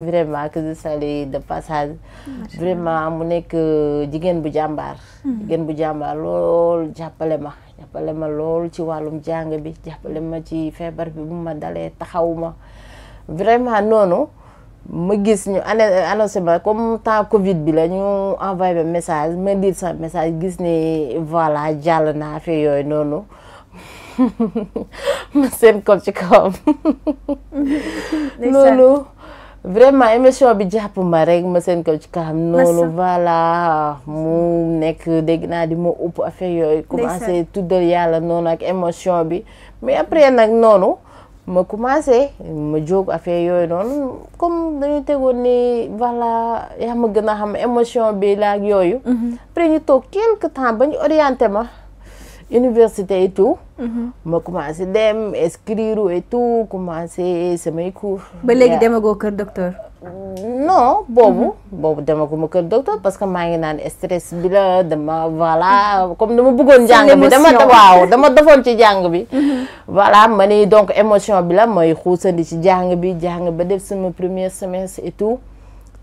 vraiment que Sally de passage vraiment mu nekk jigéen bu jàmbaar mhm. jigéen bu jàmbaar jàppale ma jàppale ma lool ci wàllum jàng bi ma ci feebar bi bu ma taxaw ma vraiment noonu ma gis ñu annoncé ma comme temps Covid bi la ñu envoyé message ma lire message gis ni voilà jàll naa fi yooyu noonu ma seen ko ci kawam mhm. loolu vraiment émission bi jàpp ma rek ma seen kaw ci kanam noonu voilà mu nekk dégg naa di ma upp affaire yooyu commencé tuddal yàlla noonu ak émotion bi mais après nag noonu ma commencé ma jóg affaire yooyu noonu comme dañu tegoon ni voilà yaa ma gën a xam émotion bi laak yooyu mhm. après ñu toog quelque temps ba ñu orienté ma université et tout mhm. ma commencé dem écrire et tout commencé mes cours ba léegi ya. demagoo kër docteur non boobu mhm. boobu demaguma kër docteur parce que maa ngi naan stress bi la dama voilà comme dama bëggoon bi dama waaw dama defoon ci jàng bi mhm. voilà ma donc émotion bi la mooy xuusandi ci jàng bi jàng ba def sama premier semestre et tout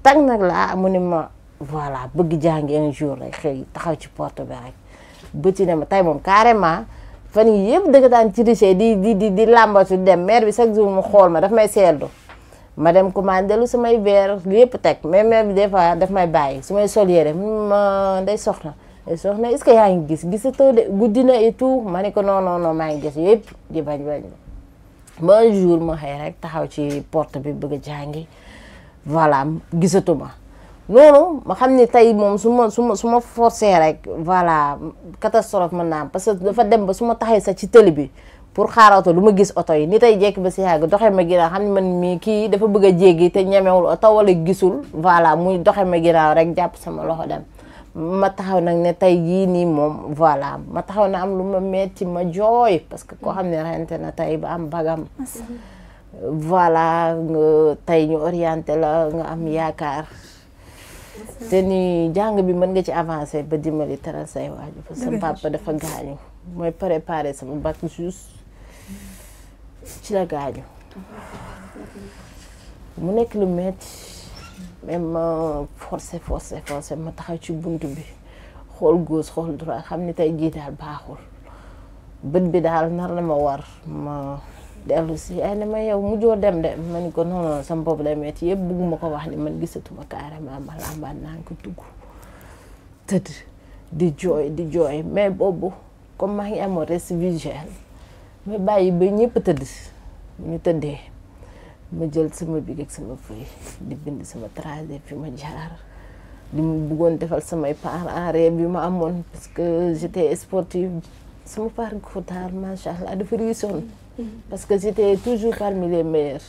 tag nag laa mu ne ma voilà bëgg jàngi un jour rek eh, xëy taxaw ci porte bi rek bëti ne ma tey moom carrément fan yii yëpp dëgg daan ci riche di di di di làmbatu dem maire bi chaque jour mu xool ma daf may seetlu ma dem commandé lu samay verre yëpp teg mais maire bi des fois daf may bàyyi su may sol yére ma day soxna day soxna est-ce que yaa ngi gis gisatoo de guddi na et tout ma ne ko non non maa ngi gis yëpp di bañ bañ ba un ma xëy rek taxaw ci porte bi bëgg a jàngi voilà gisatuma non non ma xam ne tey moom su ma vala ma su ma forcé rek voilà catastrophe mën naa parce que dafa dem ba su ma taxee ci tëli bi pour gis oto yi ni tey jekk ba si yàgg doxee ma ginnaaw xam man kii dafa bëgg a jéggi te ñemewul wala gisul voilà muy doxee ma ginnaaw rek jàpp sama loxo dem ma taxaw nag ne tey voilà ma taxaw na am luma ma metti ma jooy parce que koo xam ne na tey ba am bagam voilà nga ñu orienté la nga am te ni jàng bi mën nga ci avancé ba dimbali taral say waaju parce que dafa gaañu mooy préparé sama bac juste ci la gaañu mu nekk lu metti même ma forcé forcé forcé ma taxaw ci bunt bi xool gauche xool droit xam ni tey jii daal baaxul bët bi daal nar na ma war ma delu ci ay ne ma yow mujjoo dem de man ko non non sama bopp day metti yeb bugguma ko wax ni man gisatuma carrément ma lambaan naa ko dugg tëdd di joy di joy mais bobu comme ma ngi amoon reste vigile me bàyyi be ñepp tëdd ñu tëddee ma jël sama bi ak sama fay di bind sama trajet fi ma jaar di mu bëggoon defal par en rêve bi ma amone parce que j'étais sportive sama tar ma sha allah fa réussir Paske zite toujou palmi le meyer.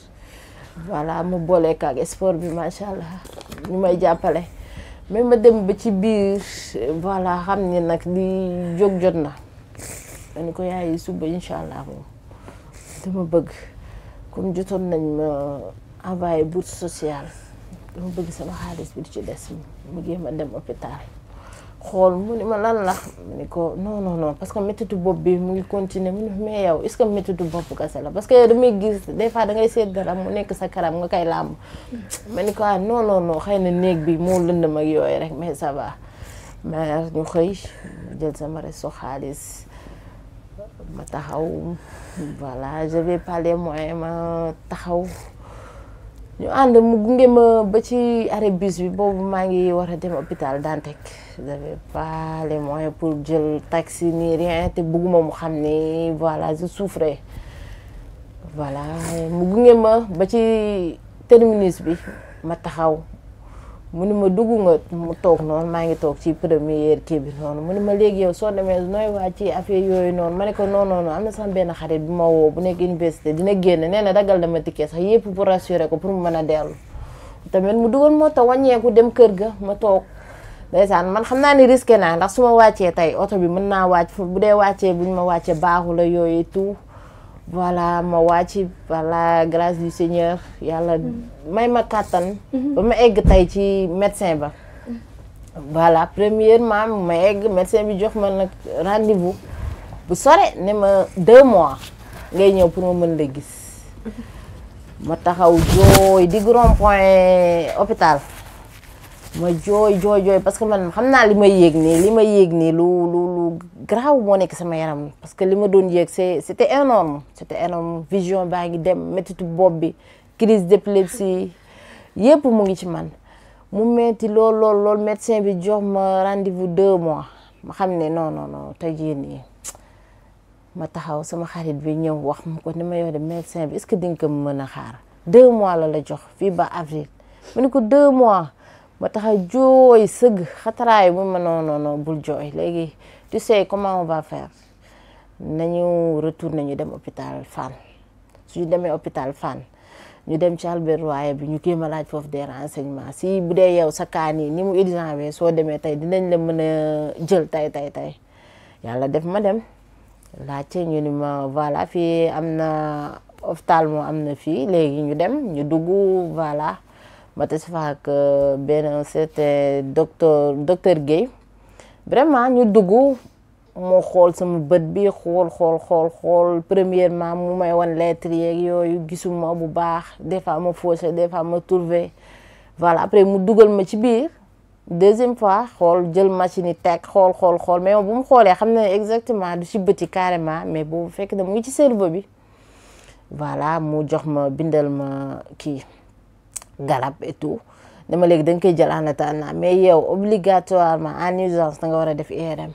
Vwala, mou bole kage espor bi manchal. Ni mwen di apale. Men mwen deme beti bir, vwala, hamnen ak ni djok jonna. Aniko yaye soube, inchal avon. Deme beg, koum jouton nan nye avaye bouts sosyal. Deme beg sa mwen hale espiritu desi, mwen gen mwen deme opetare. xool mu ne ma lan la ma ni ko non non non parce que méttitu bopp bi mu ngi continuer mu ne mais yow est ce que méttitu bopp kese la parce que damay gis des fois da ngay seet dara mu nekk sa karam nga koy làmb ma ni ko ah non non xëy na néeg bi moo lëndëm ak yooyu rek mais ça va mais ñu xëy jël sama resto xaalis ma taxaw voilà j'avais par les moyen ma taxaw ñu ànd mu gunge ma ba ci arrêt bus bi boobu maa ngi war a dem hôpital Dantec j'avais pas les moyens pour jël taxi ni rien te bëgguma mu xam ne voilà je souffrais voilà mu gunge ma ba ci terminus bi ma taxaw mu ni ma dugg mu toog noonu maa ngi toog ci première kii bi noonu mu ni ma léegi yow soo demee nooy waa ci affaire yooyu noonu ma ne ko noon non am na sama benn xarit bu ma woo bu nekk université dina génn nee na dagal dama tikkee sax yëpp pour rassurer ko pour mu mën a dellu tamit mu dugal moo tax wàññeeku dem kër ga ma toog ndeysaan man xam naa ni risqué naa ndax su ma wàccee tey oto bi mën naa wàcc bu dee wàccee ñu ma wàccee baaxu la yooyu tout voilà ma wati voilà grâce du Seigneur yalla mm. may ma mm-hmm. ba ma egg médecin ba mm. voilà premièrement ma egg médecin bi jox ma rendez-vous bu sore deux mois ngay ñëw pour ma gis mm-hmm. ma taxaw hôpital ma joy joy joy parce que man xamna naa yegg ni yéeg yegg ni lu lu lu grave mo nek sama yaram parce que lima done yegg c'est c' c'était énorme c'était énorme vision baangi ngi dem méttitu bob bi crise d'épilepsie yépp mo ngi ci man mu metti lol lol lol médecin bi jox ma rendez-vous deux mois ma xamné non non non tey jii nii ma taxaw sama xarit bi ñew wax mu ko ni ma yow de médecin bi est ce que ding ko mën xaar deux mois la la jox fi ba avril mu ne ko deux mois ba tax a jooy sëgg xataraay bu ma non non non bul jooy léegi tu sais comment on va faire nañu retourné ñu dem hôpital Fann suñu demee hôpital Fann ñu dem ci Albert Royer bi ñu kéem a laaj foofu des renseignements si bu dee yow sa kaan ni mu urgent bi soo demee tey dinañ la mën a jël tey tey tey yàlla def ma dem laajte ñu ni ma voilà fii am na ophtalmo am na fii léegi ñu dem ñu dugg voilà. ma tase que que c'était docteur docteur gay vraiment ñu mon xol sama bi xol xol xol xol premièrement mu may won lettre gisuma baax des fois ma des fois ma voilà après mu duggal ma ci biir deuxième fois xol jël machine tech xol xol xol mais bu mu xolé exactement du carrément mais bu fekk que mu ci cerveau voilà mu jox ma garab et tout dama léegi da nga koy jël en attendant mais yow obligatoirement en urgence da nga war a def IRM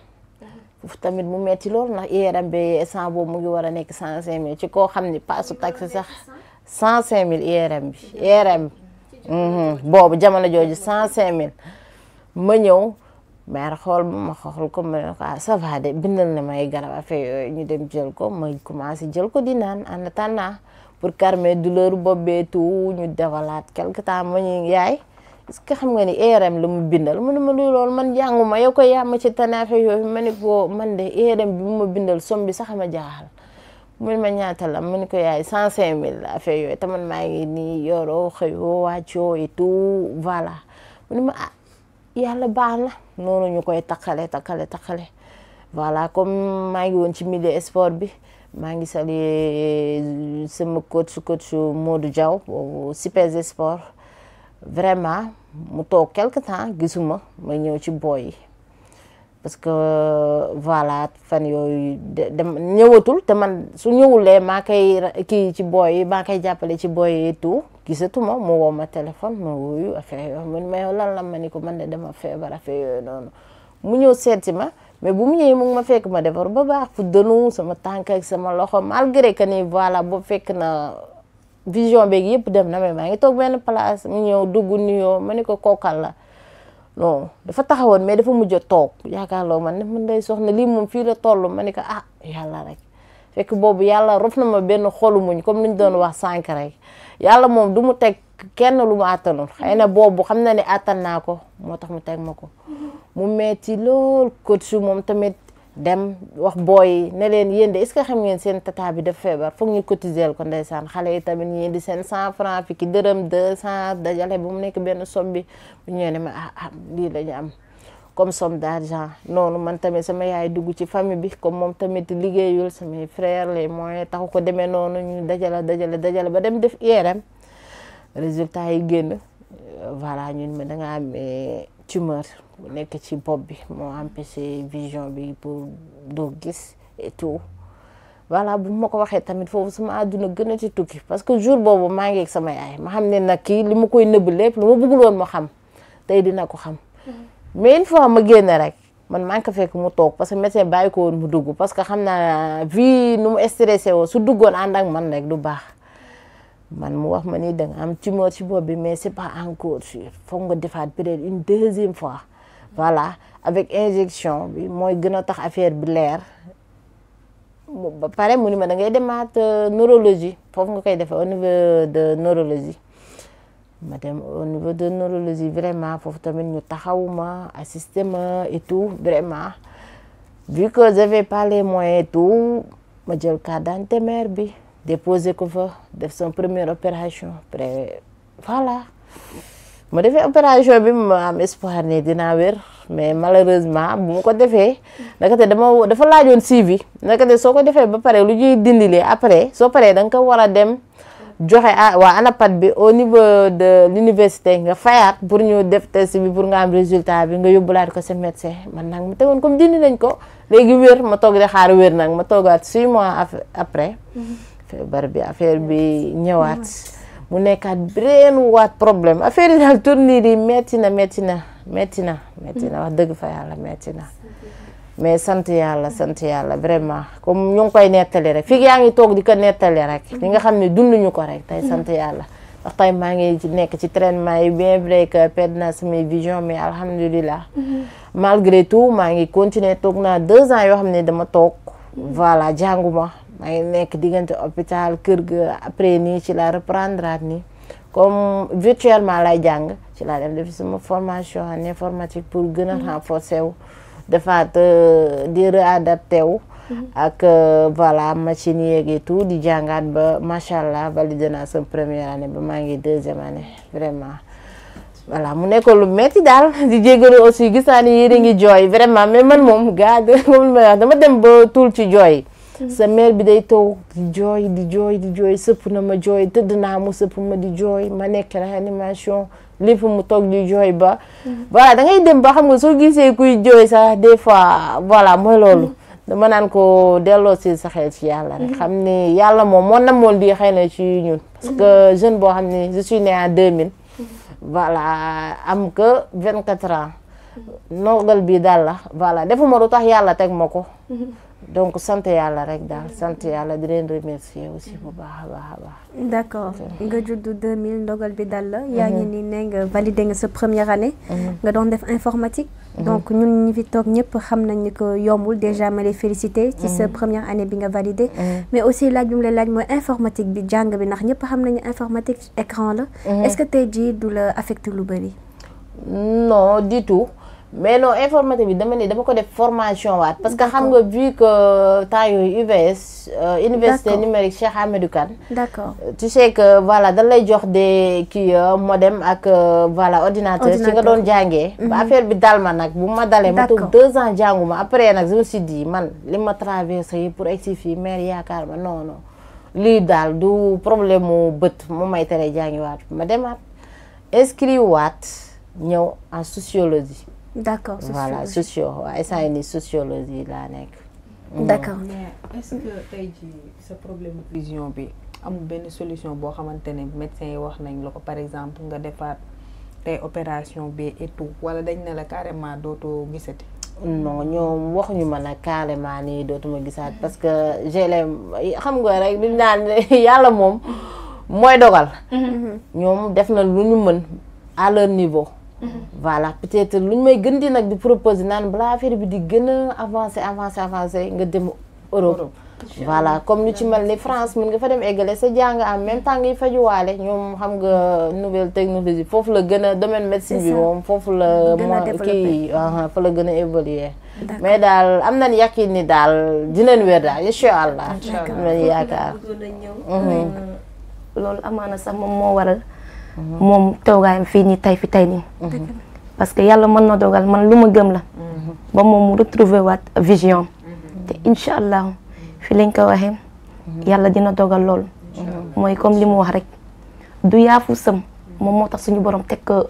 foofu tamit mu metti loolu ndax IRM bi instant boobu mu ngi war a nekk cent cinq ci ko xam ni paasu taxi sax cent cinq mille IRM bi IRM mhm. boobu jamono jooju cent cinq mille ma ñëw mère xool ba ma xool ko ma ne ko ah ça va de bindal na may garab affaire yooyu ñu dem jël ko ma commencé jël ko di naan en attendant pour calmer douleur bopp bee tout ñu defalaat quelque temps ma ñu yaay est-ce que xam nga ni IRM la mu bindal mu ma luy loolu man jànguma yow ko yàmm ci tanaafe yooyu ma ni ko man de IRM bi mu ma bindal somme bi sax ma jaaxal mu ma ñaata lam ma ni ko yaay cent cinq mille affaire yooyu te man maa ngi nii yoroo xëyoo wàccoo et tout voilà mu ne ma ah yàlla baax na noonu ñu koy takkale takkale takkale voilà comme maa ngi woon ci sport bi maa ngi saluer euh, sama coach coach Modou Diaw Super Sport vraiment mu toog quelque temps gisuma ma ñëw ci booy yi parce que voilà fan yooyu dem ñëwatul te man su ñëwulee maa koy kii ci booy yi maa koy jàppale ci booy yi tout gisatuma mu woo ma téléphone ma wuyu affaire yooyu ma lan la ma ni ko man de dama feebar affaire yooyu noonu mu ñëw seeti ma. mais bu mu ñëwee ma fekk ma defar ba baax fuddanu sama tànk ak sama loxo malgré que ni voilà boobu fekk na vision beeg yëpp dem na mais maa ngi toog benn place mu ñëw dugg nuyoo ma ne ko kookal la non dafa taxawoon mais dafa mujj a toog yaakaarloo man ne man day na lii moom fii la toll ma ne ko ah yàlla rek fekk boobu yàlla rof na ma benn xolu muñ comme ni ñu doon wax sànq rek yàlla moom kenn lu ma àttanul xëy na boobu xam na ne àttan naa ko moo tax mu teg ma ko mu metti lool coach su moom tamit dem wax booy ne leen yéen de est-ce que xam ngeen seen tata bi daf foog ñu cotiser ko ndeysaan xale yi tamit ñu indi seen cent franc fi ki dërëm deux cent dajale bu mu nekk benn somme bi bu ne ma ah, ah lii lañu am comme somme d'argent noonu man tamit sama yaay dugg ci famille bi comme moom tamit liggéeyul samay frères les moyens taxu ko demee noonu ñu dajale dajale dajale ba dem def IRM résultat yi génn voilà ñun ma da nga am eh, tumeur bu nekk ci bopp bi moo empêché vision bi pour doo gis et tout voilà bu ma ko waxee tamit foofu sama àdduna gën a ci tukki parce que jour boobu maa ngi ak sama yaay ma xam ne nag kii li ma koy nëbb lépp lu ma bëggul woon moo xam tey dina ko xam mm-hmm. mais une ma génn rek man maa ngi ko fekk mu toog parce que médecin bàyyi ko woon mu dugg parce que xam na vi nu mu stressé woo su duggoon ànd ak man rek du baax man wax mané que da am tumeur ci pas encore sûr faut nga une deuxième fois voilà avec injection bi moy gëna à tax affaire bi leer ba paré mu ni ma da ngay euh, neurologie Faut nga au niveau de neurologie au niveau de neurologie vraiment Il ñu taxawuma assisté et tout vraiment vu que j'avais pas les moyens et tout déposé ko fa def sama première opération après voilà ma defee opération bi ma am espoir ne dinaa wér mais malheureusement bu ma ko defee ndekete dama dafa laajoon suivi ndekete soo ko defee ba pare lu ñuy dindilee après soo paree da nga ko war a dem joxe ah waa ANAPAD bi au niveau de l'université nga fayaat pour ñu def test bi pour nga am résultat bi nga yóbbulaat ko sa médecin man nag ma tegoon comme dindi nañ ko léegi wér ma toog de xaar wér nag ma toogaat six mois après. Mm-hmm. feebar bi affaire bi ñëwaat mu nekkaat beneen waat problème affaire yi daal tournir yi metti na metti na metti na metti dëgg fa yàlla metti na mais sant yàlla sant yàlla vraiment comme ñu ngi koy nettali rek fii yaa ngi toog di ko nettali rek li nga xam ne dunduñu ko rek tey sant mm-hmm. yàlla maa ngi nekk ci traitement yi bien vrai que perd naa samay vision mais alhamdulilah mm-hmm. malgré tout maa ngi continuer toog naa deux ans yoo xam ne dama toog mm-hmm. voilà jànguma may nek diggante hôpital kër ga après ni ci la reprendre ni comme virtuellement lay jang ci la dem def sama formation en informatique pour gëna wu defaat di réadapté mhm. wu mhm. ak voilà machine gitu et tout di jangat ba machallah allah validé naa sama première année ba ma ngi gitu deuxième année vraiment voilà mu nekkoon lu metti dal di jégalu aussi gissani naa ngi joy. vraiment mais man mom gade dama dem ba ci sa mère bi day toog di jooy di jooy di jooy sëpp na ma jooy tëdd naa mu sëpp ma di jooy ma nekk réanimation lépp mu toog di jooy ba voilà da ngay dem ba xam nga soo gisee kuy jooy sa des fois voilà mooy loolu dama naan ko delloo si sa xel ci yàlla rek xam ne yàlla moom moo namoon di xëy na ci ñun parce que jeune boo xam ne a suis née en 2000 am que vingt quatre ans nogal bi la voilà defuma donc sante yalla rek di remercier aussi bu 2000 la mhm. ni validé première année mhm. nga def informatique mhm. donc ñun ñi fi xam déjà ma les première année bi nga validé mais aussi laaj bi mu lay informatique bi bi xam informatique écran est ce que tay jii dou la affecté lu non du tout mais non informatique bi dama ni dama ko def formation waat parce que xam nga vu que taille yooyu UVS euh, université numérique Cheikh Hamidou Kan d'accord euh, tu sais que voilà dañ lay jox des kii euh, modem ak voilà ordinateur ci nga doon jàngee mhm. affaire bi dalma nak bu ma dalé ma toog deux ans jànguma après nak je me suis dit man li ma traversé pour egsi fii maire yaakaar ma non non li dal du problème mu bët mu may tere jàngiwaat ma demat inscrit waat ñew en sociologie d'accord voilà socio waaye saa yi ni sociologie laa nekk. Mm. d'accord mais est sa problème vision bi amul benn solution boo xamante ne médecin yi wax nañ la ko par exemple nga defaat tey opération bi et tout wala dañ ne la carrément dootoo gisati. non ñoom waxuñu ma a carrément ni dootuma gisaat parce que GLM mm-hmm. xam nga rek li naan yàlla moom mooy dogal. Mm-hmm. ñoom def na lu ñu mën à leur niveau. Mm-hmm. voilà peut-être lu ñu may gën di nag di proposer naan balaa affaire bi di gën a avancé avancé avancé nga dem Europe. voilà comme lu ci mal ni France mën nga fa dem eggale sa jàng en même temps ngay fajuwaale ñoom xam ga nouvelle technologie foofu la gën a domaine médecine bi moom foofu la mo kii uh-huh, fa la gën a évoluer mais daal am nañ yàqin ni daal dinañ wér daal incha allah am nañ yaakaar mm-hmm. euh, loolu amaana sax moom moo waral Mm-hmm. moom toogaayam fii nii tey fi tey ni mm-hmm. parce que yàlla man na dogal man lu ma gëm la mm-hmm. ba moom mu retrouver waat vision te incha allah fi lañ ko waxee yàlla dina dogal loolu mooy comme li mu wax rek du yaafu sëm moom moo tax suñu borom teg ko